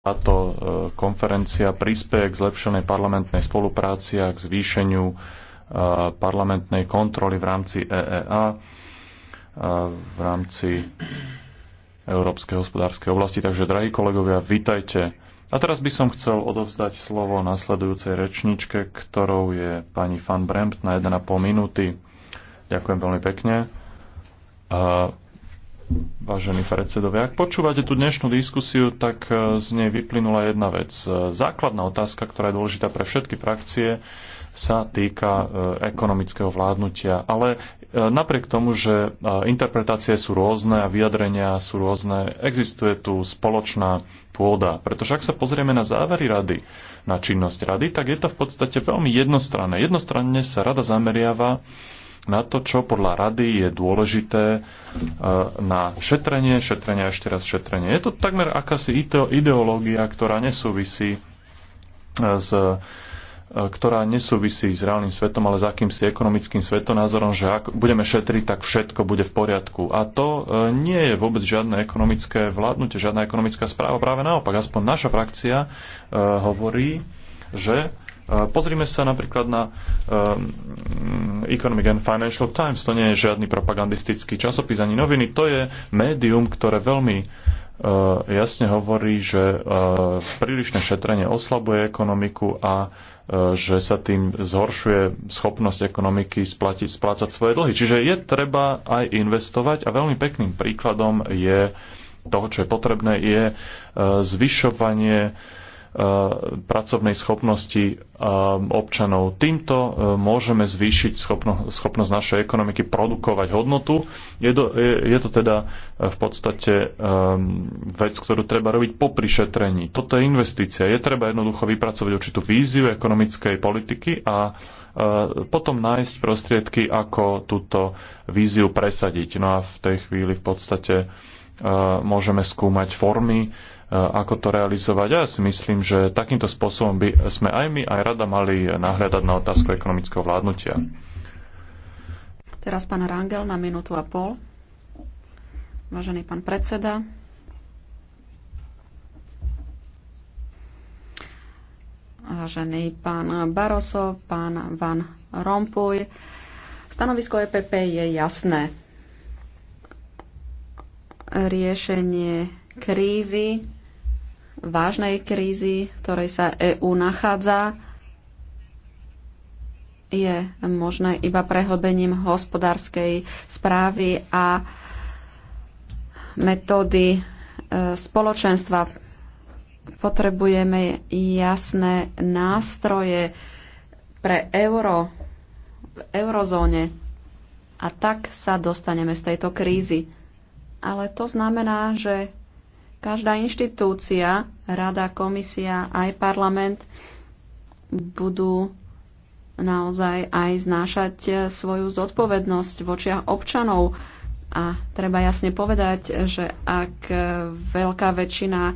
Táto e, konferencia prispieje k zlepšenej parlamentnej spolupráci a k zvýšeniu e, parlamentnej kontroly v rámci EEA, e, v rámci Európskej hospodárskej oblasti. Takže, drahí kolegovia, vitajte. A teraz by som chcel odovzdať slovo nasledujúcej rečničke, ktorou je pani Fan Bremt na 1,5 minúty. Ďakujem veľmi pekne. Vážení predsedovia, ak počúvate tú dnešnú diskusiu, tak eh, z nej vyplynula jedna vec. Eh, základná otázka, ktorá je dôležitá pre všetky frakcie, sa týka eh, ekonomického vládnutia. Ale napriek tomu, že interpretácie sú rôzne a vyjadrenia sú rôzne, existuje tu spoločná pôda. Pretože ak sa pozrieme na závery rady, na činnosť rady, tak je to v podstate veľmi jednostranné. Jednostranne sa rada zameriava na to, čo podľa rady je dôležité e, na šetrenie, šetrenie a ešte raz šetrenie. Je to takmer akási ideológia, ktorá nesúvisí e, s e, ktorá nesúvisí s reálnym svetom, ale s akýmsi ekonomickým svetonázorom, že ak budeme šetriť, tak všetko bude v poriadku. A to nie je vôbec žiadne ekonomické vládnutie, žiadna ekonomická správa. Práve naopak, aspoň naša frakcia hovorí, že Pozrime sa napríklad na ehm, mm, Economic and Financial Times. To nie je žiadny propagandistický časopis ani noviny. To je médium, ktoré veľmi e, jasne hovorí, že e, prílišné šetrenie oslabuje ekonomiku a e, že sa tým zhoršuje schopnosť ekonomiky splatiť, splácať svoje dlhy. Čiže je treba aj investovať a veľmi pekným príkladom je toho, čo je potrebné, je zvyšovanie Eh, pracovnej schopnosti eh, občanov. Týmto eh, môžeme zvýšiť schopno, schopnosť našej ekonomiky produkovať hodnotu. Je je, je to teda v podstate vec, ktorú treba robiť po prišetrení. Toto je investícia. Je treba jednoducho vypracovať určitú víziu ekonomickej politiky a potom nájsť prostriedky, ako túto víziu presadiť. No a v tej chvíli v podstate môžeme skúmať formy, E, ako to realizovať. ja si myslím, že takýmto spôsobom by sme aj my, aj rada mali nahľadať na otázku ekonomického vládnutia. Teraz pán Rangel na minútu a pol. Vážený pán predseda. Vážený pán Baroso, pán Van Rompuy. Stanovisko EPP je jasné. Riešenie krízy vážnej krízy, v ktorej sa EÚ nachádza, je možné iba prehlbením hospodárskej správy a metódy e, spoločenstva. Potrebujeme jasné nástroje pre euro v eurozóne a tak sa dostaneme z tejto krízy. Ale to znamená, že Každá inštitúcia, rada, komisia, aj parlament budú naozaj aj znášať svoju zodpovednosť vočiach občanov. A treba jasne povedať, že ak veľká väčšina e,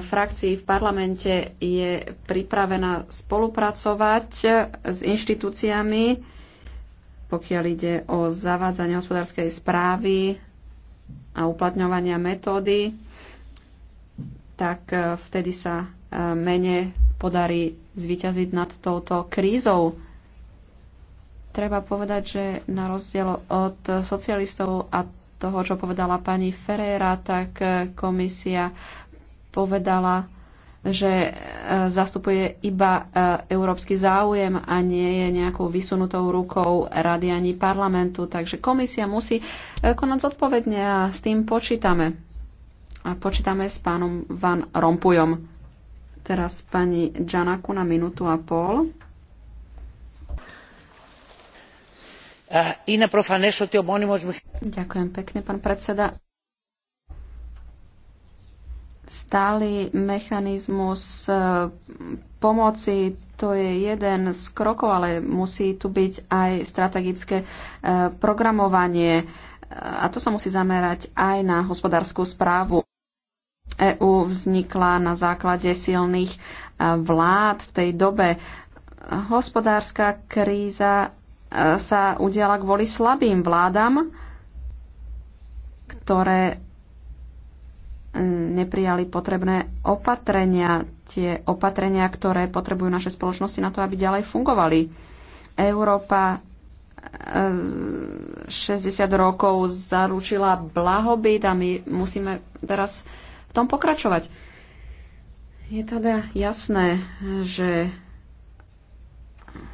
frakcií v parlamente je pripravená spolupracovať e, s inštitúciami, pokiaľ ide o zavádzanie hospodárskej správy a uplatňovania metódy, tak e, vtedy sa e, mene podarí zvyťaziť nad touto krízou. Treba povedať, že na rozdiel od socialistov a toho, čo povedala pani Ferreira, tak e, komisia povedala, že zastupuje iba európsky záujem a nie je nejakou vysunutou rukou rady ani parlamentu. Takže komisia musí konať zodpovedne a s tým počítame a počítame s pánom Van Rompujom. Teraz pani Džanaku na minútu a pol. Ďakujem pekne, pán predseda. Stály mechanizmus e, pomoci, to je jeden z krokov, ale musí tu byť aj strategické e, programovanie e, a to sa musí zamerať aj na hospodárskú správu. EÚ vznikla na základe silných e, vlád v tej dobe. Hospodárska kríza e, sa udiala kvôli slabým vládam, ktoré e, neprijali potrebné opatrenia, tie opatrenia, ktoré potrebujú naše spoločnosti na to, aby ďalej fungovali. Európa 60 rokov zaručila blahobyt a my musíme teraz v tom pokračovať. Je teda jasné, že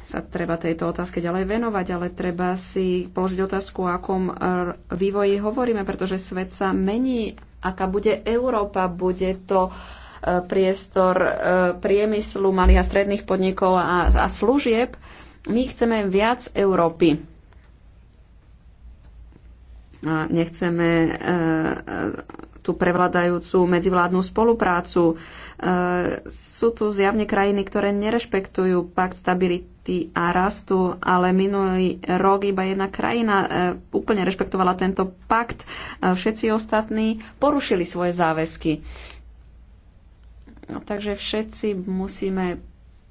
sa treba tejto otázke ďalej venovať, ale treba si položiť otázku, o akom vývoji hovoríme, pretože svet sa mení, aká bude Európa, bude to e, priestor e, priemyslu, malých a stredných podnikov a, a služieb. My chceme viac Európy. Nechceme e, e, tú prevladajúcu medzivládnu spoluprácu. E, sú tu zjavne krajiny, ktoré nerešpektujú pakt stability a rastu, ale minulý rok iba jedna krajina úplne rešpektovala tento pakt. Všetci ostatní porušili svoje záväzky. No, takže všetci musíme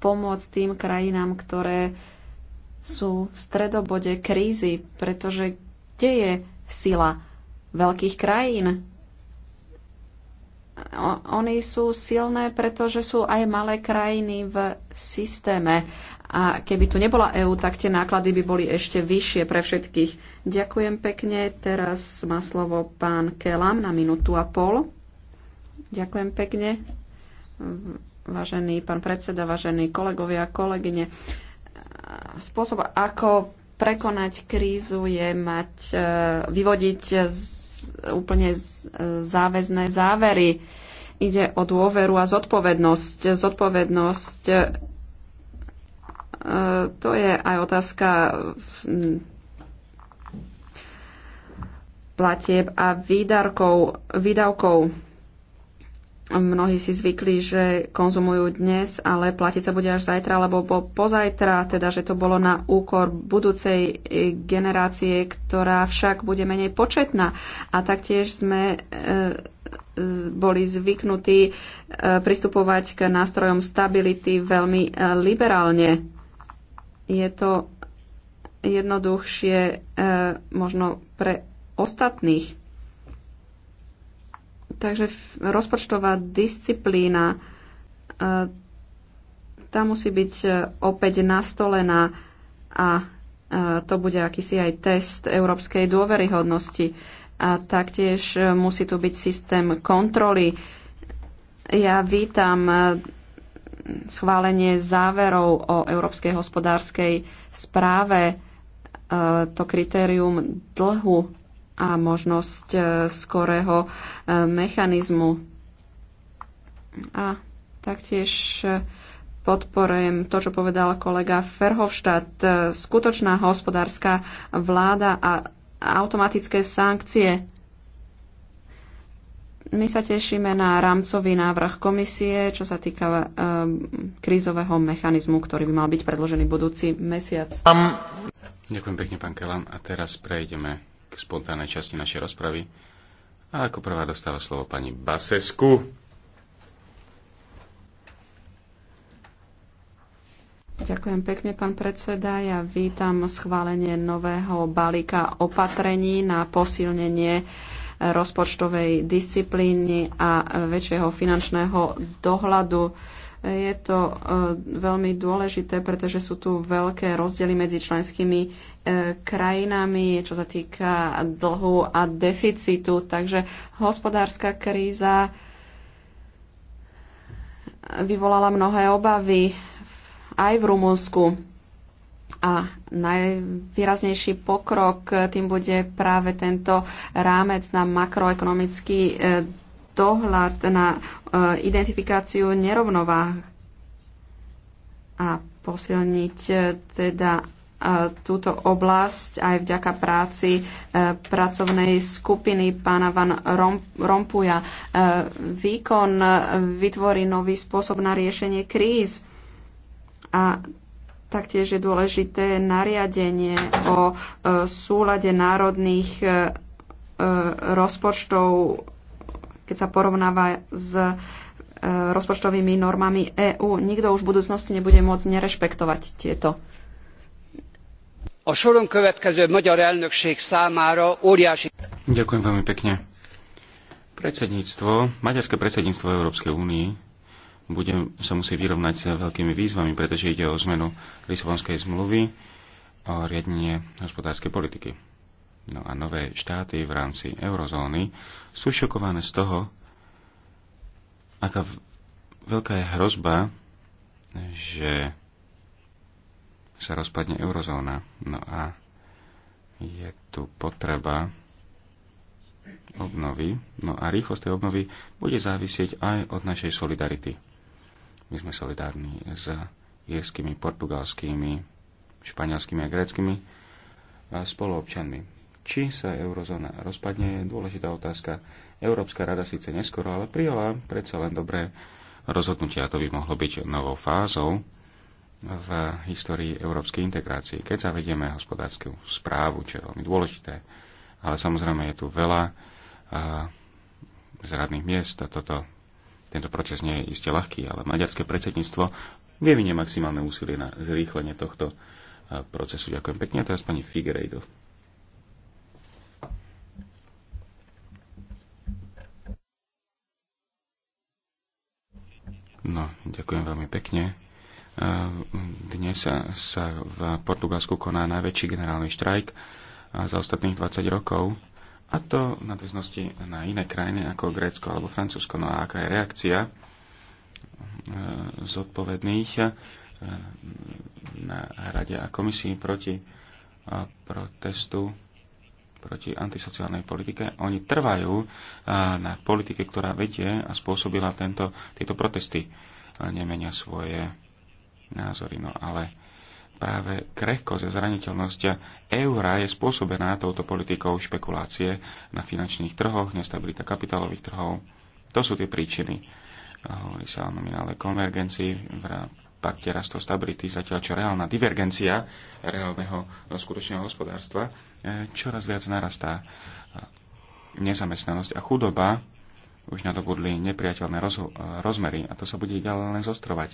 pomôcť tým krajinám, ktoré sú v stredobode krízy, pretože kde je sila veľkých krajín. Oni sú silné, pretože sú aj malé krajiny v systéme. A keby tu nebola EÚ, tak tie náklady by boli ešte vyššie pre všetkých. Ďakujem pekne. Teraz má slovo pán Kelam na minútu a pol. Ďakujem pekne. Vážený pán predseda, vážení kolegovia a kolegyne. Spôsob, ako prekonať krízu je mať, e, vyvodiť z, úplne z, e, záväzné závery. Ide o dôveru a zodpovednosť. Zodpovednosť e, to je aj otázka platieb a výdarkov, výdavkov Mnohí si zvykli, že konzumujú dnes, ale platiť sa bude až zajtra alebo po, pozajtra, teda že to bolo na úkor budúcej e, generácie, ktorá však bude menej početná. A taktiež sme e, boli zvyknutí e, pristupovať k nástrojom stability veľmi e, liberálne. Je to jednoduchšie možno pre ostatných. Takže rozpočtová disciplína e, tá musí byť e, opäť nastolená a e, to bude akýsi aj test európskej dôveryhodnosti. A taktiež musí tu byť systém kontroly. Ja vítam schválenie záverov o európskej hospodárskej správe, to kritérium dlhu a možnosť e, skorého e, mechanizmu. A taktiež e, podporujem to, čo povedal kolega Ferhovštát. Skutočná hospodárska vláda a automatické sankcie. My sa tešíme na rámcový návrh komisie, čo sa týka krízového mechanizmu, ktorý by mal byť predložený budúci mesiac. Ďakujem pekne, pán Kelan. A teraz prejdeme k spontánnej časti našej rozpravy. A ako prvá dostáva slovo pani Basesku. Ďakujem pekne, pán predseda. Ja vítam schválenie nového balíka opatrení na posilnenie rozpočtovej disciplíny a väčšieho finančného dohľadu. Je to e, veľmi dôležité, pretože sú tu veľké rozdiely medzi členskými krajinami, čo sa týka dlhu a deficitu. Takže hospodárska kríza vyvolala mnohé obavy aj v Rumunsku. A najvýraznejší pokrok tým bude práve tento rámec na makroekonomický eh, dohľad, na eh, identifikáciu nerovnováh a posilniť eh, teda túto oblasť aj vďaka práci e, pracovnej skupiny pána Van Rompuja. E, výkon e, vytvorí nový spôsob na riešenie kríz a taktiež je dôležité nariadenie o súlade národných rozpočtov, keď sa porovnáva s rozpočtovými normami EÚ. Nikto už v budúcnosti nebude môcť nerešpektovať tieto a soron következő magyar elnökség számára óriási... Ďakujem veľmi pekne. Predsedníctvo, maďarské predsedníctvo Európskej únii bude sa musieť vyrovnať s veľkými výzvami, pretože ide o zmenu Lisabonskej zmluvy o riadenie hospodárskej politiky. No a nové štáty v rámci eurozóny sú šokované z toho, aká veľká je hrozba, že sa rozpadne eurozóna. No a je tu potreba obnovy. No a rýchlosť tej obnovy bude závisieť aj od našej solidarity. My sme solidárni s jeskými, portugalskými, španielskými a gréckými spoluobčanmi. Či sa eurozóna rozpadne, je dôležitá otázka. Európska rada síce neskoro, ale prijala predsa len dobré rozhodnutia. To by mohlo byť novou fázou v histórii európskej integrácie, keď zavedieme hospodárskú správu, čo je veľmi dôležité. Ale samozrejme je tu veľa eh, zradných miest a toto, tento proces nie je iste ľahký, ale maďarské predsedníctvo vyvinie maximálne úsilie na zrýchlenie tohto eh, procesu. Ďakujem pekne. A teraz pani Figerejdov. No, ďakujem veľmi pekne. Dnes sa v Portugalsku koná najväčší generálny štrajk za ostatných 20 rokov, a to v nadväznosti na iné krajiny ako Grécko alebo Francúzsko. No a aká je reakcia e, zodpovedných e, na Rade a komisii proti e, protestu proti antisociálnej politike. Oni trvajú na politike, ktorá vedie a spôsobila tento, tieto protesty. Nemenia svoje názory. No ale práve krehkosť a zraniteľnosť eura je spôsobená touto politikou špekulácie na finančných trhoch, nestabilita kapitálových trhov. To sú tie príčiny. Hovorí sa o nominále konvergencii v pakte rastu stability, zatiaľ čo reálna divergencia reálneho no, skutočného hospodárstva e, čoraz viac narastá. Nezamestnanosť a chudoba už nadobudli nepriateľné rozmery a to sa bude ďalej len zostrovať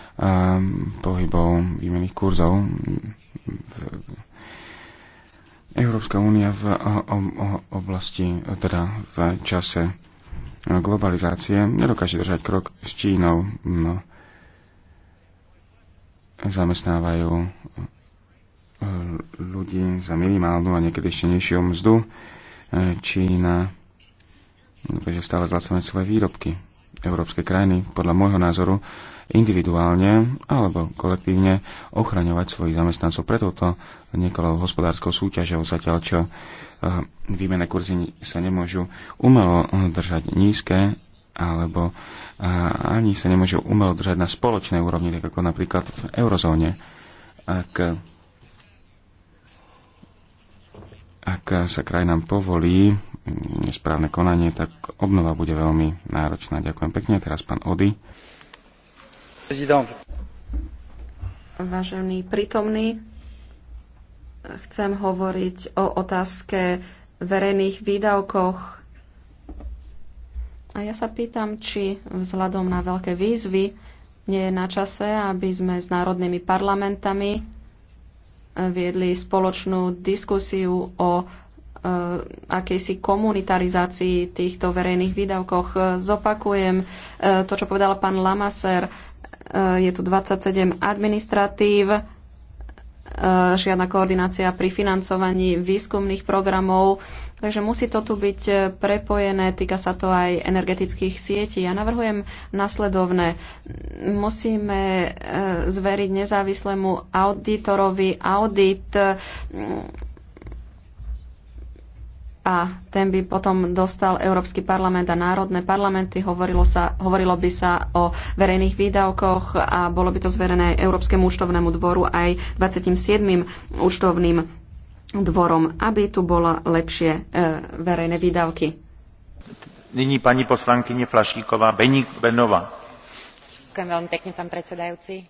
Ehm, pohybov výmených kurzov. Európska únia v oblasti, teda v čase e, globalizácie nedokáže držať krok s Čínou. No, zamestnávajú e, ľudí za minimálnu a niekedy ešte nižšiu mzdu. E, Čína takže stále zlacovať svoje výrobky. Európske krajiny, podľa môjho názoru, individuálne alebo kolektívne ochraňovať svojich zamestnancov. Preto to niekoľko hospodárskou súťažou zatiaľ, čo eh, výmené kurzy sa nemôžu umelo držať nízke, alebo eh, ani sa nemôžu umelo držať na spoločnej úrovni, tak ako napríklad v eurozóne. Ak, ak sa krajinám povolí nesprávne konanie, tak obnova bude veľmi náročná. Ďakujem pekne. Teraz pán Ody. Vážení prítomný, chcem hovoriť o otázke verejných výdavkoch. A ja sa pýtam, či vzhľadom na veľké výzvy nie je na čase, aby sme s národnými parlamentami viedli spoločnú diskusiu o e, akejsi komunitarizácii týchto verejných výdavkoch. Zopakujem e, to, čo povedal pán Lamaser. Eh, je tu 27 administratív, eh, žiadna koordinácia pri financovaní výskumných programov, takže musí to tu byť eh, prepojené, týka sa to aj energetických sietí. Ja navrhujem nasledovné. Musíme zveriť nezávislému auditorovi audit a ten by potom dostal Európsky parlament a národné parlamenty. Hovorilo, sa, hovorilo by sa o verejných výdavkoch a bolo by to zverené Európskemu účtovnému dvoru aj 27. účtovným dvorom, aby tu bola lepšie e, verejné výdavky. Nyní pani poslankyne Flašíková Benová. Ďakujem veľmi pekne, pán predsedajúci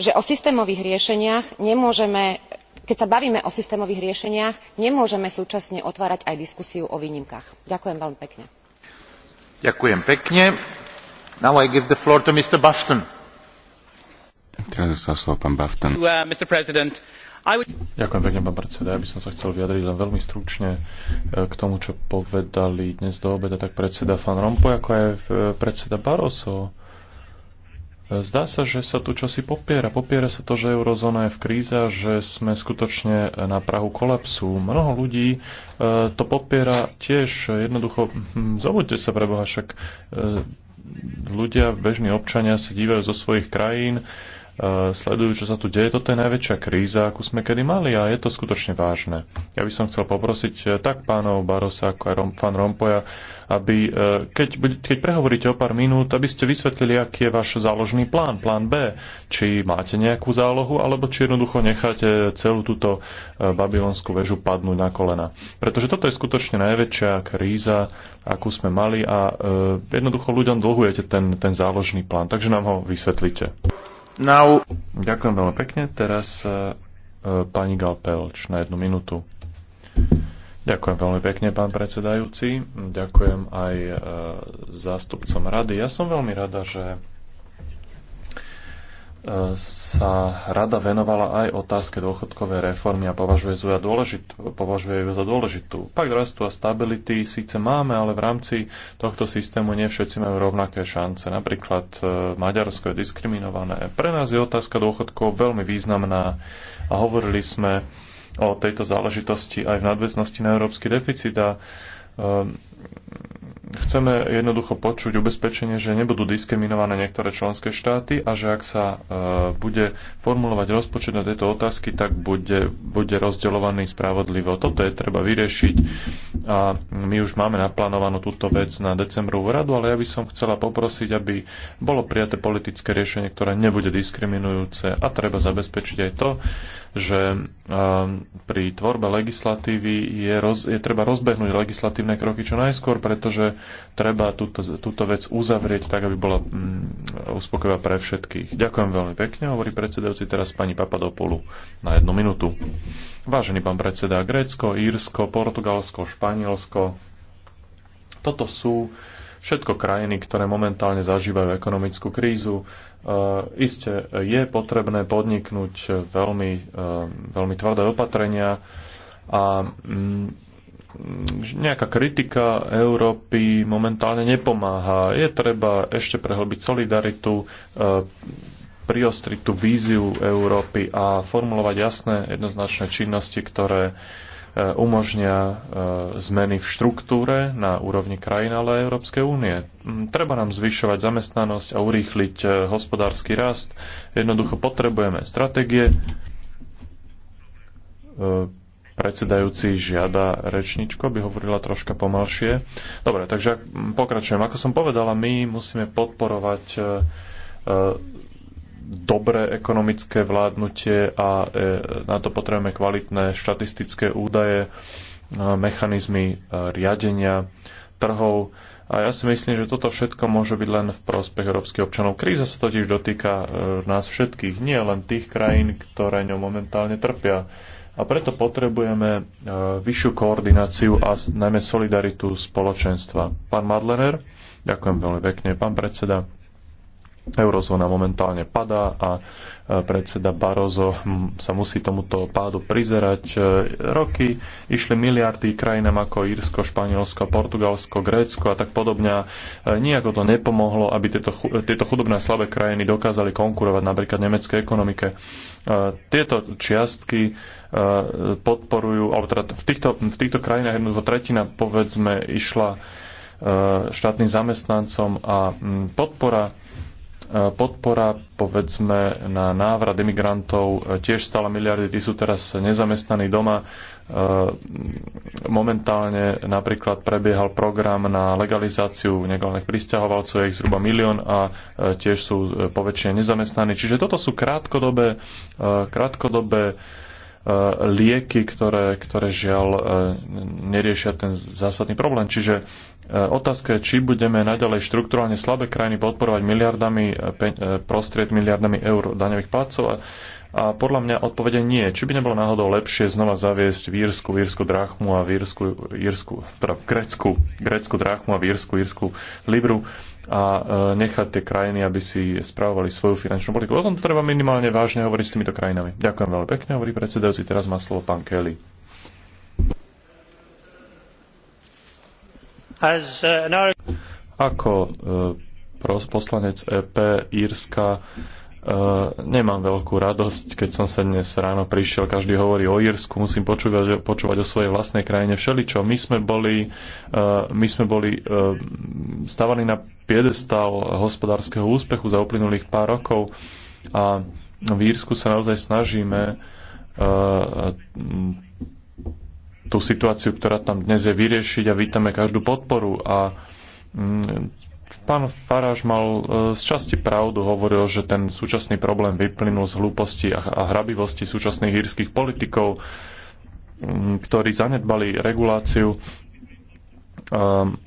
že o systémových riešeniach nemôžeme keď sa bavíme o systémových riešeniach nemôžeme súčasne otvárať aj diskusiu o výnimkách. ďakujem veľmi pekne. Ďakujem pekne, uh, pán predseda. Ja by som sa chcel vyjadriť len veľmi stručne uh, k tomu, čo povedali dnes do obeda tak predseda Van Rompuy, ako aj uh, predseda Barroso Zdá sa, že sa tu čosi popiera. Popiera sa to, že eurozóna je v kríze, že sme skutočne na Prahu kolapsu. Mnoho ľudí e, to popiera tiež. Jednoducho, hm, zobuďte sa pre Boha, však e, ľudia, bežní občania sa dívajú zo svojich krajín Eh, sledujú, čo sa tu deje. Toto je najväčšia kríza, akú sme kedy mali a je to skutočne vážne. Ja by som chcel poprosiť eh, tak pánov Barosa ako aj pán Rompoja, aby eh, keď, keď prehovoríte o pár minút, aby ste vysvetlili, aký je váš záložný plán, plán B. Či máte nejakú zálohu, alebo či jednoducho necháte celú túto babylonskú väžu padnúť na kolena. Pretože toto je skutočne najväčšia kríza, akú sme mali a jednoducho ľuďom dlhujete ten, ten záložný plán. Takže nám ho vysvetlite. Now... Ďakujem veľmi pekne. Teraz e, e, pani Galpelč na jednu minútu. Ďakujem veľmi pekne, pán predsedajúci. Ďakujem aj e, zástupcom rady. Ja som veľmi rada, že sa rada venovala aj otázke dôchodkovej reformy a považuje ju za dôležitú. Považuje ju za dôležitú. Pak rastu a stability síce máme, ale v rámci tohto systému nie všetci majú rovnaké šance. Napríklad e, Maďarsko je diskriminované. Pre nás je otázka dôchodkov veľmi významná a hovorili sme o tejto záležitosti aj v nadväznosti na európsky deficit a um, Chceme jednoducho počuť ubezpečenie, že nebudú diskriminované niektoré členské štáty a že ak sa e, bude formulovať rozpočet na tieto otázky, tak bude, bude rozdeľovaný spravodlivo. Toto je treba vyriešiť a my už máme naplánovanú túto vec na decembrovú radu, ale ja by som chcela poprosiť, aby bolo prijaté politické riešenie, ktoré nebude diskriminujúce a treba zabezpečiť aj to, že e, pri tvorbe legislatívy je, roz, je treba rozbehnúť legislatívne kroky čo najskôr, pretože treba túto, túto vec uzavrieť tak, aby bola mm, uspokojivá pre všetkých. Ďakujem veľmi pekne, hovorí predsedajúci teraz pani Papadopolu na jednu minútu. Vážený pán predseda, Grécko, Írsko, Portugalsko, Španielsko, toto sú všetko krajiny, ktoré momentálne zažívajú ekonomickú krízu. E, iste je potrebné podniknúť veľmi, e, veľmi tvrdé opatrenia a mm, Mm, nejaká kritika Európy momentálne nepomáha. Je treba ešte prehlbiť solidaritu, e, priostriť tú víziu Európy a formulovať jasné jednoznačné činnosti, ktoré e, umožnia e, zmeny v štruktúre na úrovni krajín, ale aj Európskej únie. Mm, treba nám zvyšovať zamestnanosť a urýchliť hospodársky rast. Jednoducho potrebujeme stratégie, predsedajúci žiada rečničko, by hovorila troška pomalšie. Dobre, takže pokračujem. Ako som povedala, my musíme podporovať e, e, dobré ekonomické vládnutie a e, na to potrebujeme kvalitné štatistické údaje, mechanizmy riadenia trhov. A ja si myslím, že toto všetko môže byť len v prospech európskych občanov. Kríza sa totiž dotýka nás všetkých, nie len tých krajín, ktoré ňou momentálne trpia a preto potrebujeme e, vyššiu koordináciu a najmä solidaritu spoločenstva. Pán Madlener, ďakujem veľmi pekne, pán predseda. Eurozóna momentálne padá a e, predseda Barozo hm, sa musí tomuto pádu prizerať. E, roky išli miliardy krajinám ako Írsko, Španielsko, Portugalsko, Grécko a tak podobne. E, nijako to nepomohlo, aby tieto, tieto chudobné slabé krajiny dokázali konkurovať napríklad nemeckej ekonomike. Tieto čiastky podporujú, alebo teda v týchto, v týchto krajinách jednoducho tretina povedzme išla štátnym zamestnancom a hm, podpora podpora, povedzme, na návrat imigrantov tiež stále miliardy, tí sú teraz nezamestnaní doma. E, momentálne napríklad prebiehal program na legalizáciu negalných pristahovalcov, je ich zhruba milión a e, tiež sú e, poväčšie nezamestnaní. Čiže toto sú krátkodobé, krátkodobé lieky, ktoré, ktoré žiaľ neriešia ten zásadný problém. Čiže E, otázka je, či budeme naďalej štruktúralne slabé krajiny podporovať miliardami, e, e, prostried miliardami eur daňových plácov. A, a podľa mňa odpovede nie. Či by nebolo náhodou lepšie znova zaviesť vírsku, vírsku drachmu a vírsku, vírsku teda grécku, grécku drachmu a vírsku, vírsku libru a nechať tie krajiny, aby si spravovali svoju finančnú politiku. O tom treba minimálne vážne hovoriť s týmito krajinami. Ďakujem veľmi pekne, hovorí predsedajúci. Teraz má slovo pán Kelly. Uh, Ako uh, poslanec EP Írska uh, nemám veľkú radosť, keď som sa dnes ráno prišiel, každý hovorí o Írsku, musím počúvať, počúvať o svojej vlastnej krajine všeličo. My sme boli, my sme boli stávaní na piedestal hospodárskeho úspechu za uplynulých pár rokov a v Írsku sa naozaj snažíme tú situáciu, ktorá tam dnes je vyriešiť a vítame každú podporu. A mm, pán Faráž mal e, z časti pravdu, hovoril, že ten súčasný problém vyplynul z hlúposti a hrabivosti súčasných hírskych politikov, mm, ktorí zanedbali reguláciu e,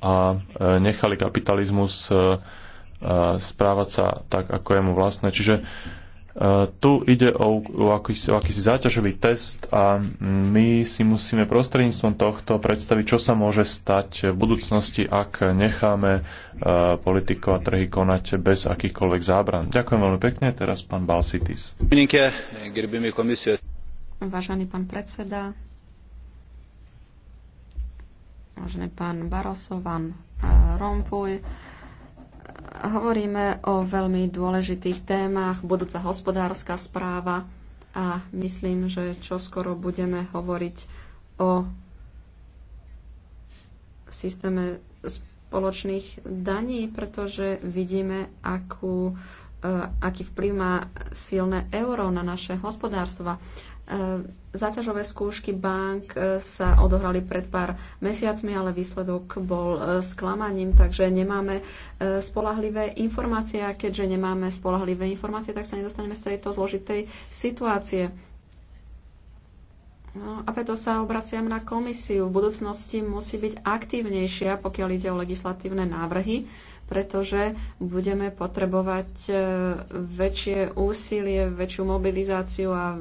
a e, nechali kapitalizmus správať sa tak, ako je mu vlastné. Čiže Eh, tu ide o, o, akýsi, o akýsi záťažový test a my si musíme prostredníctvom tohto predstaviť, čo sa môže stať v budúcnosti, ak necháme eh, politikov a trhy konať bez akýchkoľvek zábran. Ďakujem veľmi pekne. Teraz pán Balsitis. Vážený pán predseda, vážený pán Barosovan, eh, Rompuj, Hovoríme o veľmi dôležitých témach, budúca hospodárska správa a myslím, že čoskoro budeme hovoriť o systéme spoločných daní, pretože vidíme, akú, e, aký vplyv má silné euro na naše hospodárstva. E, záťažové skúšky bank e, sa odohrali pred pár mesiacmi, ale výsledok bol e, sklamaním, takže nemáme spolahlivé informácie a keďže nemáme spolahlivé informácie, tak sa nedostaneme z tejto zložitej situácie. No, a preto sa obraciam na komisiu. V budúcnosti musí byť aktívnejšia, pokiaľ ide o legislatívne návrhy pretože budeme potrebovať e, väčšie úsilie, väčšiu mobilizáciu a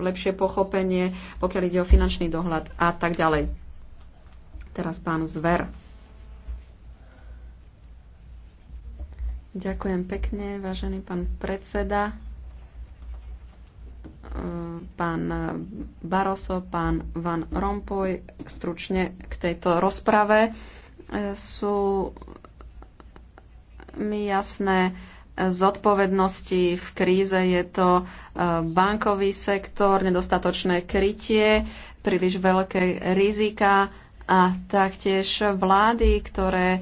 lepšie pochopenie, pokiaľ ide o finančný dohľad a tak ďalej. Teraz pán Zver. Ďakujem pekne, vážený pán predseda, e, pán Baroso, pán Van Rompuy. Stručne k tejto rozprave e, sú mi jasné zodpovednosti v kríze. Je to e, bankový sektor, nedostatočné krytie, príliš veľké rizika a taktiež vlády, ktoré e,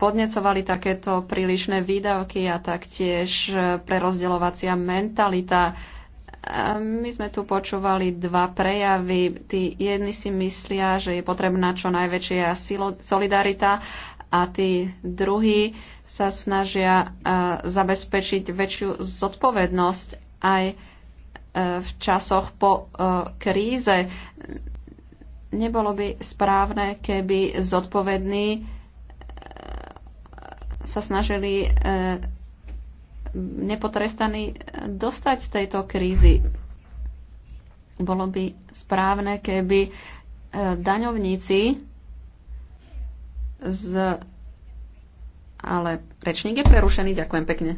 podnecovali takéto prílišné výdavky a taktiež e, prerozdeľovacia mentalita. My sme tu počúvali dva prejavy. Tí jedni si myslia, že je potrebná čo najväčšia solidarita a tí druhí sa snažia e, zabezpečiť väčšiu zodpovednosť aj e, v časoch po e, kríze. Nebolo by správne, keby zodpovední sa snažili nepotrestaní dostať z tejto krízy. Bolo by správne, keby daňovníci z... Ale rečník je prerušený, ďakujem pekne.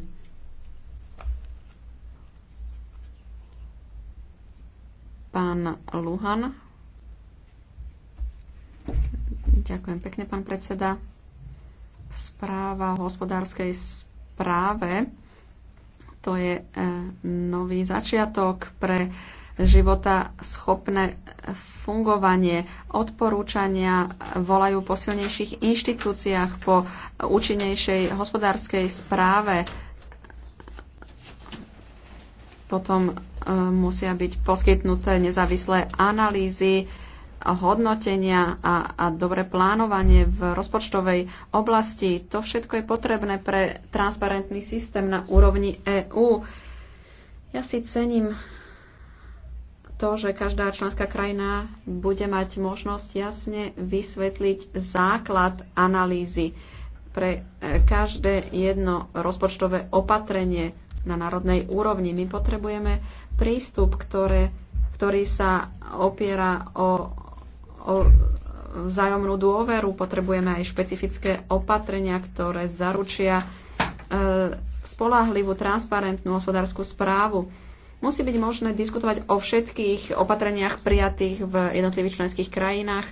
Pán Luhan. Ďakujem pekne, pán predseda. Správa o hospodárskej správe. To je e, nový začiatok pre života schopné fungovanie. Odporúčania volajú po silnejších inštitúciách, po účinnejšej hospodárskej správe. Potom e, musia byť poskytnuté nezávislé analýzy, hodnotenia a, a dobré plánovanie v rozpočtovej oblasti. To všetko je potrebné pre transparentný systém na úrovni EÚ. Ja si cením to, že každá členská krajina bude mať možnosť jasne vysvetliť základ analýzy pre e, každé jedno rozpočtové opatrenie na národnej úrovni. My potrebujeme prístup, ktoré, ktorý sa opiera o, o vzájomnú dôveru. Potrebujeme aj špecifické opatrenia, ktoré zaručia e, spolahlivú, transparentnú hospodárskú správu Musí byť možné diskutovať o všetkých opatreniach prijatých v jednotlivých členských krajinách,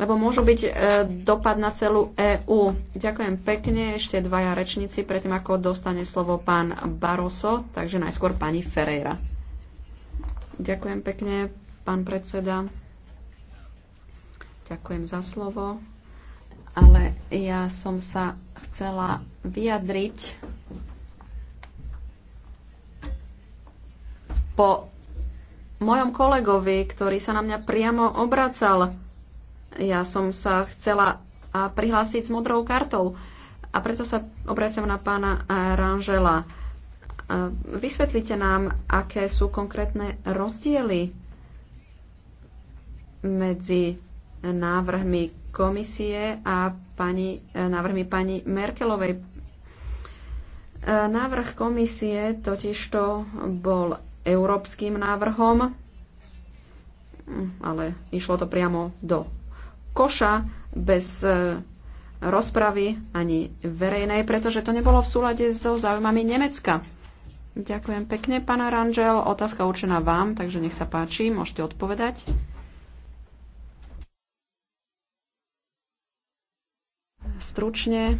lebo môžu byť e, dopad na celú EÚ. Ďakujem pekne ešte dvaja rečníci, predtým ako dostane slovo pán Baroso, takže najskôr pani Ferreira. Ďakujem pekne, pán predseda. Ďakujem za slovo. Ale ja som sa chcela vyjadriť po mojom kolegovi, ktorý sa na mňa priamo obracal. Ja som sa chcela prihlásiť s modrou kartou a preto sa obracam na pána Ranžela. Vysvetlite nám, aké sú konkrétne rozdiely medzi návrhmi komisie a pani, e, návrhmi pani Merkelovej. E, návrh komisie totižto bol európskym návrhom, ale išlo to priamo do koša bez e, rozpravy ani verejnej, pretože to nebolo v súlade so záujmami Nemecka. Ďakujem pekne, pán Ranžel. Otázka určená vám, takže nech sa páči, môžete odpovedať. Stručne,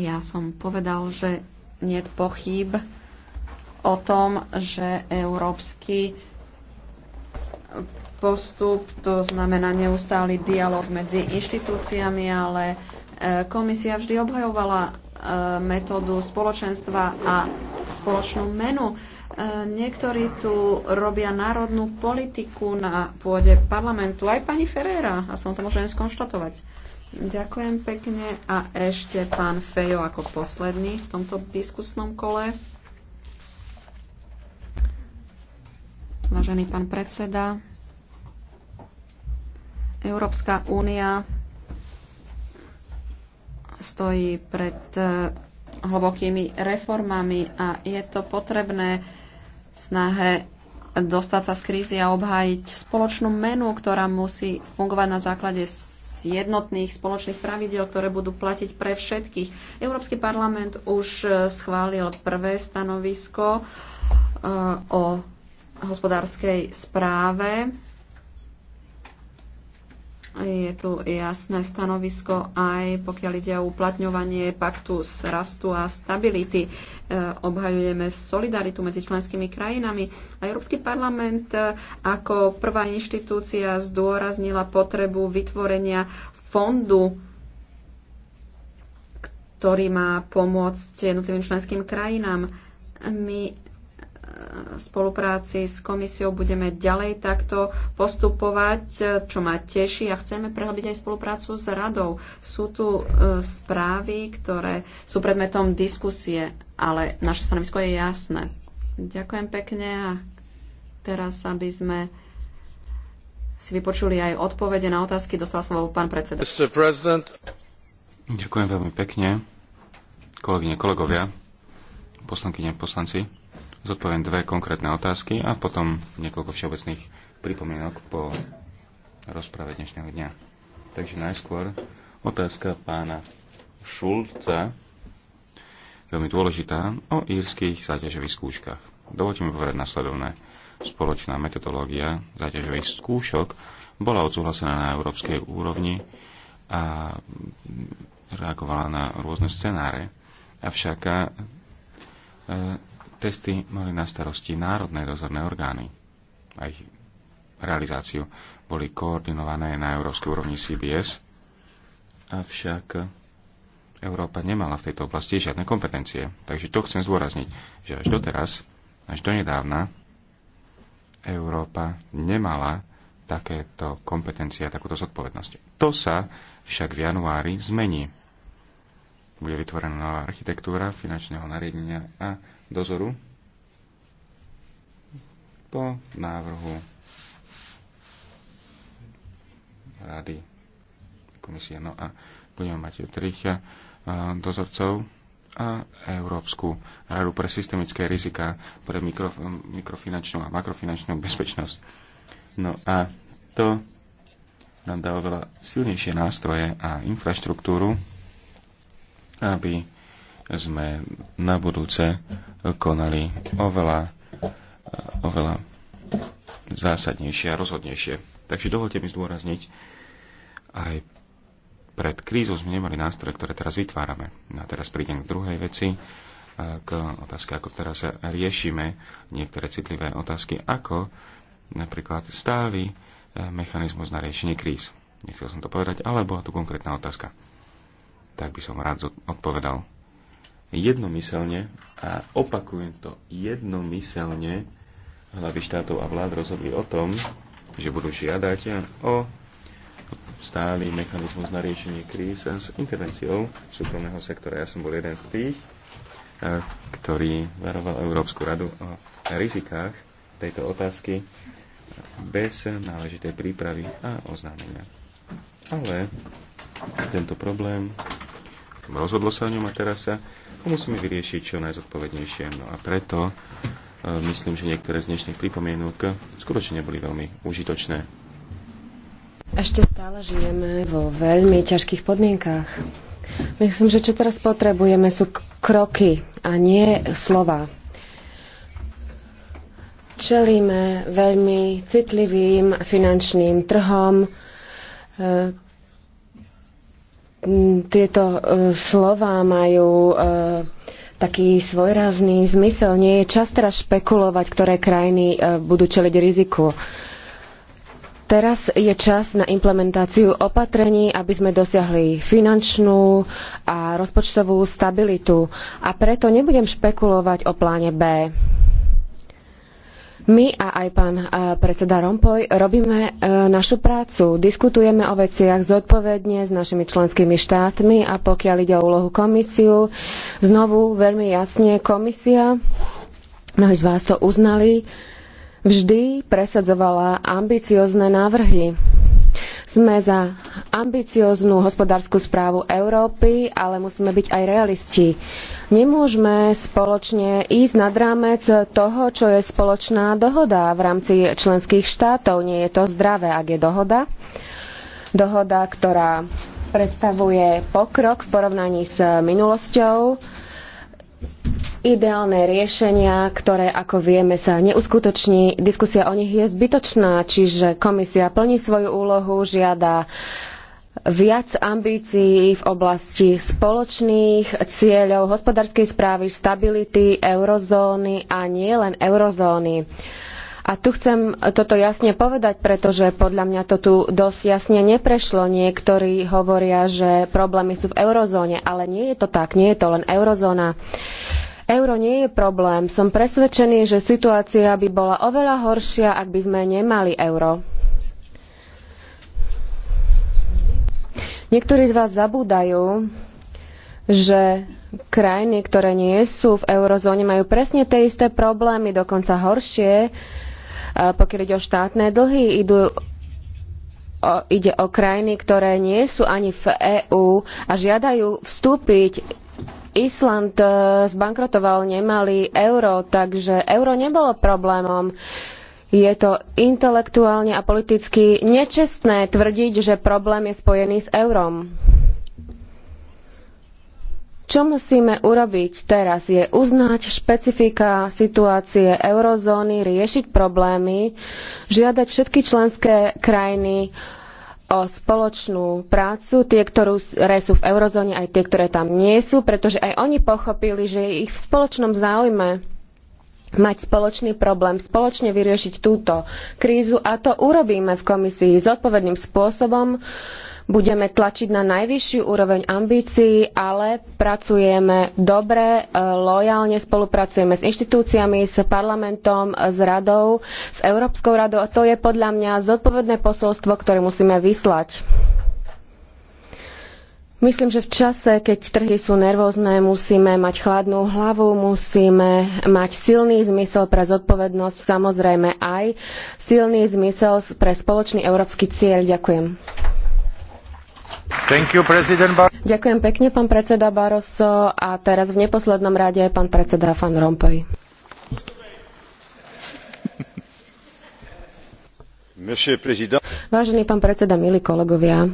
ja som povedal, že nie je pochyb, o tom, že európsky postup, to znamená neustály dialog medzi inštitúciami, ale e, komisia vždy obhajovala e, metódu spoločenstva a spoločnú menu. E, niektorí tu robia národnú politiku na pôde parlamentu, aj pani Ferreira, a som to môžem skonštatovať. Ďakujem pekne a ešte pán Fejo ako posledný v tomto diskusnom kole. Vážený pán predseda, Európska únia stojí pred eh, hlbokými reformami a je to potrebné v snahe dostať sa z krízy a obhájiť spoločnú menu, ktorá musí fungovať na základe jednotných spoločných pravidel, ktoré budú platiť pre všetkých. Európsky parlament už eh, schválil prvé stanovisko eh, o hospodárskej správe. Je tu jasné stanovisko aj pokiaľ ide o uplatňovanie paktu z rastu a stability. E, obhajujeme solidaritu medzi členskými krajinami a Európsky parlament e, ako prvá inštitúcia zdôraznila potrebu vytvorenia fondu ktorý má pomôcť jednotlivým členským krajinám. My spolupráci s komisiou budeme ďalej takto postupovať, čo ma teší a chceme prehlbiť aj spoluprácu s radou. Sú tu e, správy, ktoré sú predmetom diskusie, ale naše stanovisko je jasné. Ďakujem pekne a teraz, aby sme si vypočuli aj odpovede na otázky, dostal slovo pán predseda. Ďakujem veľmi pekne, kolegyne, kolegovia, poslankyne, poslanci zodpoviem dve konkrétne otázky a potom niekoľko všeobecných pripomienok po rozprave dnešného dňa. Takže najskôr otázka pána Šulca, veľmi dôležitá, o írskych záťažových skúškach. Dovolte mi povedať nasledovné. Spoločná metodológia záťažových skúšok bola odsúhlasená na európskej úrovni a reagovala na rôzne scenáre. Avšak e, testy mali na starosti národné dozorné orgány a ich realizáciu boli koordinované na európskej úrovni CBS, avšak Európa nemala v tejto oblasti žiadne kompetencie. Takže to chcem zdôrazniť, že až doteraz, až donedávna, Európa nemala takéto kompetencie a takúto zodpovednosť. To sa však v januári zmení. Bude vytvorená nová architektúra finančného nariadenia a dozoru po návrhu rady komisie. No a budeme mať trich eh, dozorcov a Európsku radu pre systemické rizika pre mikro, mikrofinančnú a makrofinančnú bezpečnosť. No a to nám dá oveľa silnejšie nástroje a infraštruktúru, aby sme na budúce konali oveľa, oveľa zásadnejšie a rozhodnejšie. Takže dovolte mi zdôrazniť, aj pred krízou sme nemali nástroje, ktoré teraz vytvárame. No a teraz prídem k druhej veci, k otázke, ako teraz riešime niektoré citlivé otázky, ako napríklad stály e, mechanizmus na riešenie kríz. Nechcel som to povedať, alebo tu konkrétna otázka. Tak by som rád odpovedal jednomyselne, a opakujem to, jednomyselne hlavy štátov a vlád rozhodli o tom, že budú žiadať o stály mechanizmus na riešenie kríz s intervenciou súkromného sektora. Ja som bol jeden z tých, ktorý varoval Európsku radu o rizikách tejto otázky bez náležitej prípravy a oznámenia. Ale tento problém No, rozhodlo sa o ňom a teraz sa ho musíme vyriešiť čo najzodpovednejšie. No a preto e, myslím, že niektoré z dnešných pripomienok skutočne neboli veľmi užitočné. Ešte stále žijeme vo veľmi ťažkých podmienkách. Myslím, že čo teraz potrebujeme sú kroky a nie slova. Čelíme veľmi citlivým finančným trhom, e, Mm, tieto e, slova majú e, taký svojrázný zmysel. Nie je čas teraz špekulovať, ktoré krajiny e, budú čeliť riziku. Teraz je čas na implementáciu opatrení, aby sme dosiahli finančnú a rozpočtovú stabilitu. A preto nebudem špekulovať o pláne B. My a aj pán e, predseda Rompuy robíme e, našu prácu. Diskutujeme o veciach zodpovedne s našimi členskými štátmi a pokiaľ ide o úlohu komisiu, znovu veľmi jasne komisia, mnohí z vás to uznali, vždy presadzovala ambiciozne návrhy sme za ambicióznu hospodárskú správu Európy, ale musíme byť aj realisti. Nemôžeme spoločne ísť nad rámec toho, čo je spoločná dohoda v rámci členských štátov. Nie je to zdravé, ak je dohoda. Dohoda, ktorá predstavuje pokrok v porovnaní s minulosťou, ideálne riešenia, ktoré, ako vieme, sa neuskutoční. Diskusia o nich je zbytočná, čiže komisia plní svoju úlohu, žiada viac ambícií v oblasti spoločných cieľov hospodárskej správy, stability eurozóny a nielen eurozóny. A tu chcem toto jasne povedať, pretože podľa mňa to tu dosť jasne neprešlo. Niektorí hovoria, že problémy sú v eurozóne, ale nie je to tak, nie je to len eurozóna. Euro nie je problém. Som presvedčený, že situácia by bola oveľa horšia, ak by sme nemali euro. Niektorí z vás zabúdajú, že krajiny, ktoré nie sú v eurozóne, majú presne tie isté problémy, dokonca horšie, pokiaľ ide o štátne dlhy, idú O, ide o krajiny, ktoré nie sú ani v EÚ a žiadajú vstúpiť Island eh, zbankrotoval, nemali euro, takže euro nebolo problémom. Je to intelektuálne a politicky nečestné tvrdiť, že problém je spojený s eurom. Čo musíme urobiť teraz je uznať špecifika situácie eurozóny, riešiť problémy, žiadať všetky členské krajiny o spoločnú prácu, tie, ktoré sú v eurozóne, aj tie, ktoré tam nie sú, pretože aj oni pochopili, že je ich v spoločnom záujme mať spoločný problém, spoločne vyriešiť túto krízu a to urobíme v komisii zodpovedným spôsobom. Uh, budeme tlačiť na najvyššiu úroveň ambícií, ale pracujeme dobre, e, lojálne spolupracujeme s inštitúciami, s parlamentom, s radou, s Európskou radou a to je podľa mňa zodpovedné posolstvo, ktoré musíme vyslať. Myslím, že v čase, keď trhy sú nervózne, musíme mať chladnú hlavu, musíme mať silný zmysel pre zodpovednosť, samozrejme aj silný zmysel pre spoločný európsky cieľ. Ďakujem. You, Ďakujem pekne, pán predseda Barroso. A teraz v neposlednom rade pán predseda Van Rompuy. Vážený pán predseda, milí kolegovia,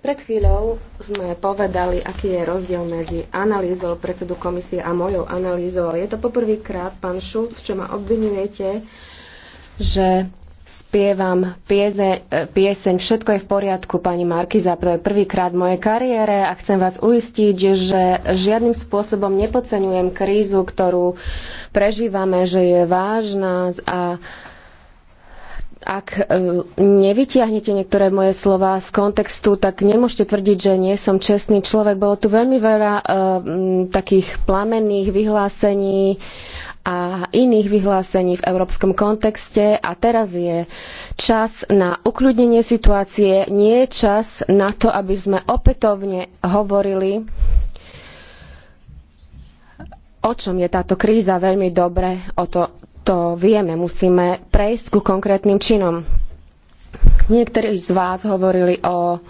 Pred chvíľou sme povedali, aký je rozdiel medzi analýzou predsedu komisie a mojou analýzou. Je to poprvýkrát, pán Šulc, čo ma obvinujete, že spievam pieze, e, pieseň Všetko je v poriadku, pani Markiza, to je prvýkrát v mojej kariére a chcem vás uistiť, že žiadnym spôsobom nepodceňujem krízu, ktorú prežívame, že je vážna a ak e, nevytiahnete niektoré moje slova z kontextu, tak nemôžete tvrdiť, že nie som čestný človek. Bolo tu veľmi veľa uh, takých plamenných vyhlásení a iných vyhlásení v európskom kontexte a teraz je čas na ukľudnenie situácie, nie je čas na to, aby sme opätovne hovorili o čom je táto kríza veľmi dobre, o to, to vieme, musíme prejsť ku konkrétnym činom. Niektorí z vás hovorili o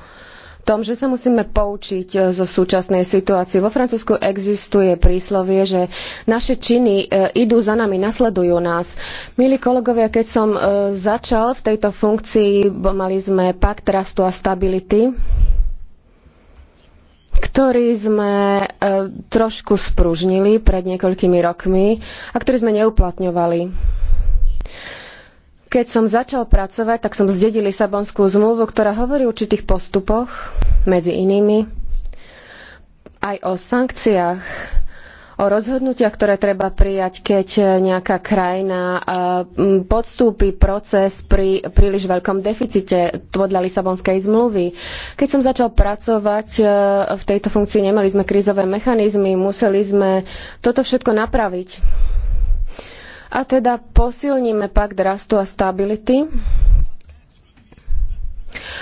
tom, že sa musíme poučiť e, zo súčasnej situácie. Vo Francúzsku existuje príslovie, že naše činy e, idú za nami, nasledujú nás. Milí kolegovia, keď som e, začal v tejto funkcii, mali sme pakt rastu a stability, ktorý sme trošku spružnili pred niekoľkými rokmi a ktorý sme neuplatňovali keď som začal pracovať, tak som zdedil Lisabonskú zmluvu, ktorá hovorí o určitých postupoch, medzi inými, aj o sankciách, o rozhodnutiach, ktoré treba prijať, keď eh, nejaká krajina eh, podstúpi proces pri príliš veľkom deficite podľa Lisabonskej zmluvy. Keď som začal pracovať eh, v tejto funkcii, nemali sme krízové mechanizmy, museli sme toto všetko napraviť a teda posilníme pakt rastu a stability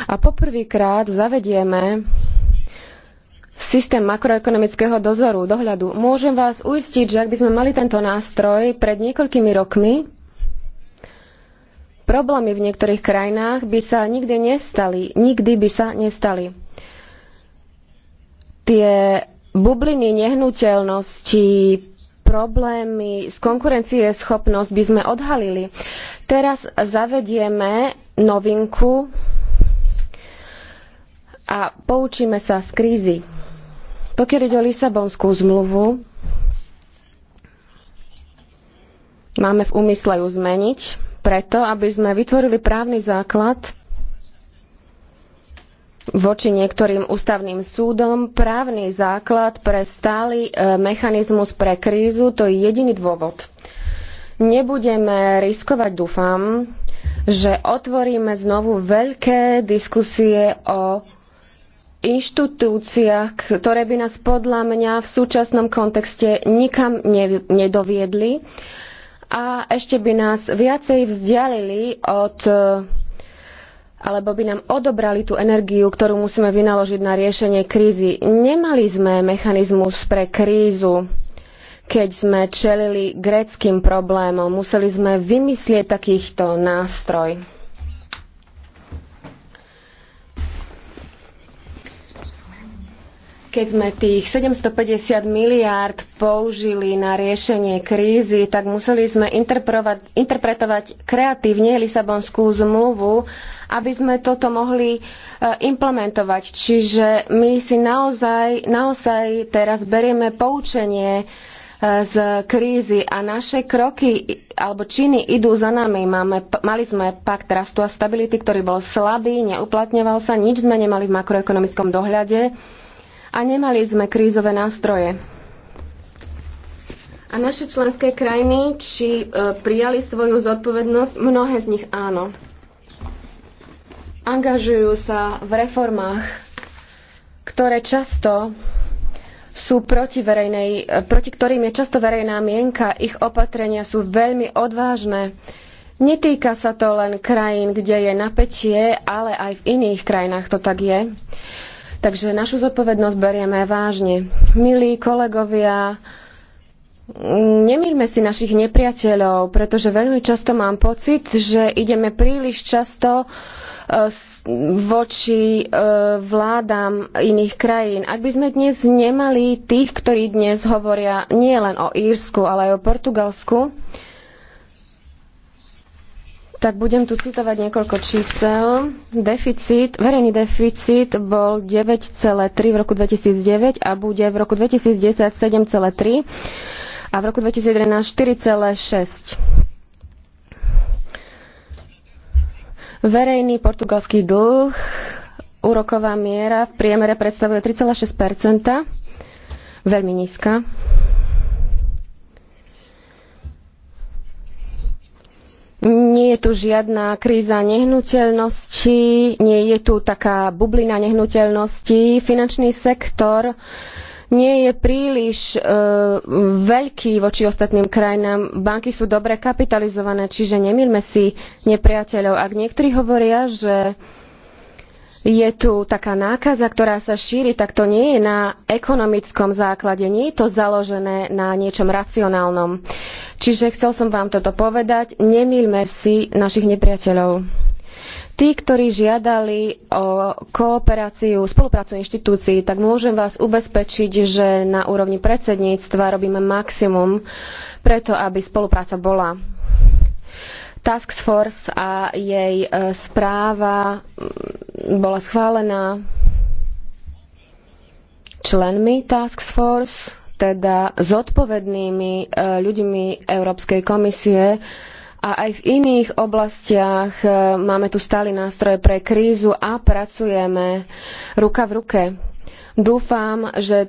a poprvýkrát zavedieme systém makroekonomického dozoru, dohľadu. Môžem vás uistiť, že ak by sme mali tento nástroj pred niekoľkými rokmi, problémy v niektorých krajinách by sa nikdy nestali. Nikdy by sa nestali. Tie bubliny nehnuteľnosti, problémy s konkurencieschopnosť by sme odhalili. Teraz zavedieme novinku a poučíme sa z krízy. Pokiaľ ide o Lisabonskú zmluvu, máme v úmysle ju zmeniť preto, aby sme vytvorili právny základ voči niektorým ústavným súdom. Právny základ pre stály e, mechanizmus pre krízu to je jediný dôvod. Nebudeme riskovať, dúfam, že otvoríme znovu veľké diskusie o inštitúciách, ktoré by nás podľa mňa v súčasnom kontexte nikam nedoviedli a ešte by nás viacej vzdialili od alebo by nám odobrali tú energiu, ktorú musíme vynaložiť na riešenie krízy. Nemali sme mechanizmus pre krízu, keď sme čelili gréckým problémom. Museli sme vymyslieť takýchto nástroj. keď sme tých 750 miliárd použili na riešenie krízy, tak museli sme interpretovať, kreatívne Lisabonskú zmluvu aby sme toto mohli e, implementovať. Čiže my si naozaj, naozaj teraz berieme poučenie e, z krízy a naše kroky alebo činy idú za nami. Máme, mali sme pakt rastu a stability, ktorý bol slabý, neuplatňoval sa, nič sme nemali v makroekonomickom dohľade a nemali sme krízové nástroje. A naše členské krajiny, či e, prijali svoju zodpovednosť? Mnohé z nich áno angažujú sa v reformách, ktoré často sú proti, verejnej, proti ktorým je často verejná mienka, ich opatrenia sú veľmi odvážne. Netýka sa to len krajín, kde je napätie, ale aj v iných krajinách to tak je. Takže našu zodpovednosť berieme vážne. Milí kolegovia, nemírme si našich nepriateľov, pretože veľmi často mám pocit, že ideme príliš často uh, Eh, voči eh, vládam iných krajín. Ak by sme dnes nemali tých, ktorí dnes hovoria nie len o Írsku, ale aj o Portugalsku, tak budem tu citovať niekoľko čísel. Deficit, verejný deficit bol 9,3 v roku 2009 a bude v roku 2010 7,3 a v roku 2011 4,6 Verejný portugalský dlh, úroková miera v priemere predstavuje 3,6 veľmi nízka. Nie je tu žiadna kríza nehnuteľnosti, nie je tu taká bublina nehnuteľnosti. Finančný sektor uh, nie je príliš e, veľký voči ostatným krajinám. Banky sú dobre kapitalizované, čiže nemýlme si nepriateľov. Ak niektorí hovoria, že je tu taká nákaza, ktorá sa šíri, tak to nie je na ekonomickom základe, nie je to založené na niečom racionálnom. Čiže chcel som vám toto povedať, nemýlme si našich nepriateľov. Tí, ktorí žiadali o kooperáciu, spoluprácu inštitúcií, tak môžem vás ubezpečiť, že na úrovni predsedníctva robíme maximum preto, aby spolupráca bola. Task Force a jej e, správa bola schválená členmi Task Force, teda zodpovednými e, ľuďmi Európskej komisie, a aj v iných oblastiach e, máme tu stály nástroje pre krízu a pracujeme ruka v ruke. Dúfam, že e,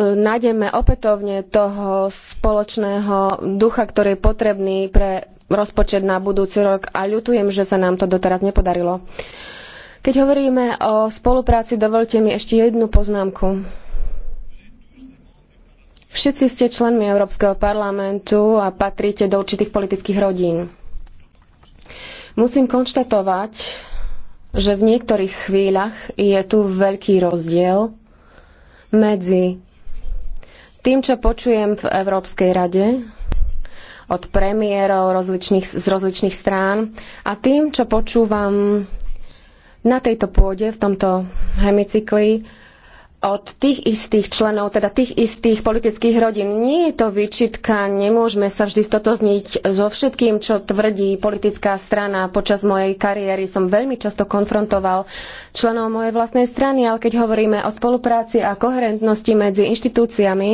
nájdeme opätovne toho spoločného ducha, ktorý je potrebný pre rozpočet na budúci rok a ľutujem, že sa nám to doteraz nepodarilo. Keď hovoríme o spolupráci, dovolte mi ešte jednu poznámku. Všetci ste členmi Európskeho parlamentu a patríte do určitých politických rodín. Musím konštatovať, že v niektorých chvíľach je tu veľký rozdiel medzi tým, čo počujem v Európskej rade od premiérov rozličných, z rozličných strán a tým, čo počúvam na tejto pôde, v tomto hemicykli, od tých istých členov, teda tých istých politických rodín. Nie je to výčitka, nemôžeme sa vždy stotozniť so všetkým, čo tvrdí politická strana. Počas mojej kariéry som veľmi často konfrontoval členov mojej vlastnej strany, ale keď hovoríme o spolupráci a koherentnosti medzi inštitúciami,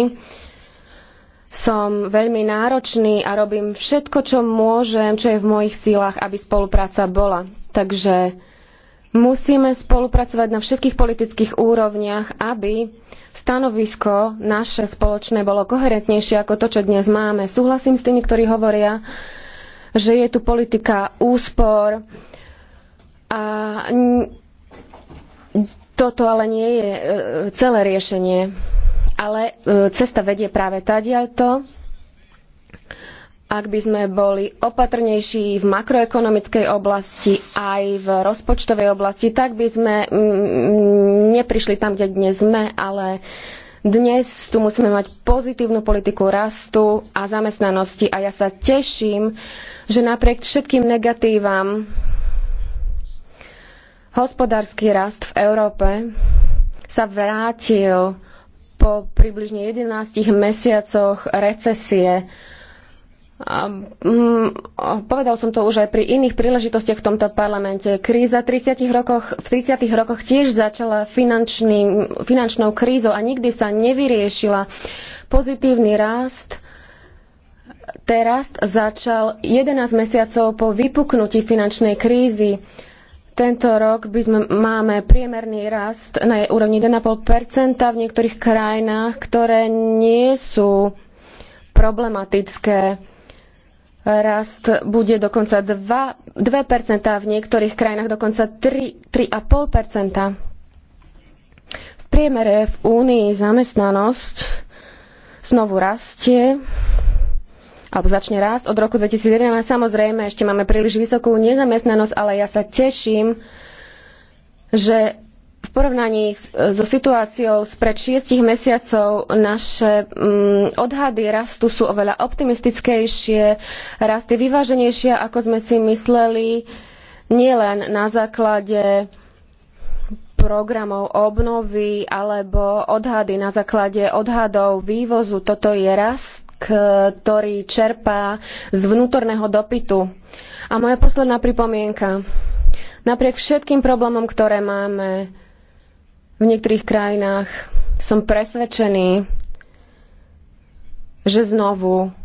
som veľmi náročný a robím všetko, čo môžem, čo je v mojich sílach, aby spolupráca bola. Takže Musíme spolupracovať na všetkých politických úrovniach, aby stanovisko naše spoločné bolo koherentnejšie ako to, čo dnes máme. Súhlasím s tými, ktorí hovoria, že je tu politika úspor a toto ale nie je e, celé riešenie. Ale e, cesta vedie práve tadiaľto ak by sme boli opatrnejší v makroekonomickej oblasti aj v rozpočtovej oblasti, tak by sme mm, mm, neprišli tam, kde dnes sme, ale dnes tu musíme mať pozitívnu politiku rastu a zamestnanosti a ja sa teším, že napriek všetkým negatívam hospodársky rast v Európe sa vrátil po približne 11 mesiacoch recesie Mm, povedal som to už aj pri iných príležitostiach v tomto parlamente. Kríza 30 rokoch, v 30. rokoch tiež začala finančnou krízou a nikdy sa nevyriešila. Pozitívny rast teraz začal 11 mesiacov po vypuknutí finančnej krízy. Tento rok by sme, máme priemerný rast na úrovni 1,5 v niektorých krajinách, ktoré nie sú problematické rast bude dokonca 2, 2% v niektorých krajinách dokonca 3, 3,5%. V priemere v Únii zamestnanosť znovu rastie alebo začne rásť od roku 2011. Samozrejme, ešte máme príliš vysokú nezamestnanosť, ale ja sa teším, že v porovnaní so situáciou spred šiestich mesiacov naše mm, odhady rastu sú oveľa optimistickejšie, rast je vyváženejšia, ako sme si mysleli, nielen na základe programov obnovy alebo odhady na základe odhadov vývozu. Toto je rast, ktorý čerpá z vnútorného dopytu. A moja posledná pripomienka. Napriek všetkým problémom, ktoré máme, v niektorých krajinách som presvedčený, že znovu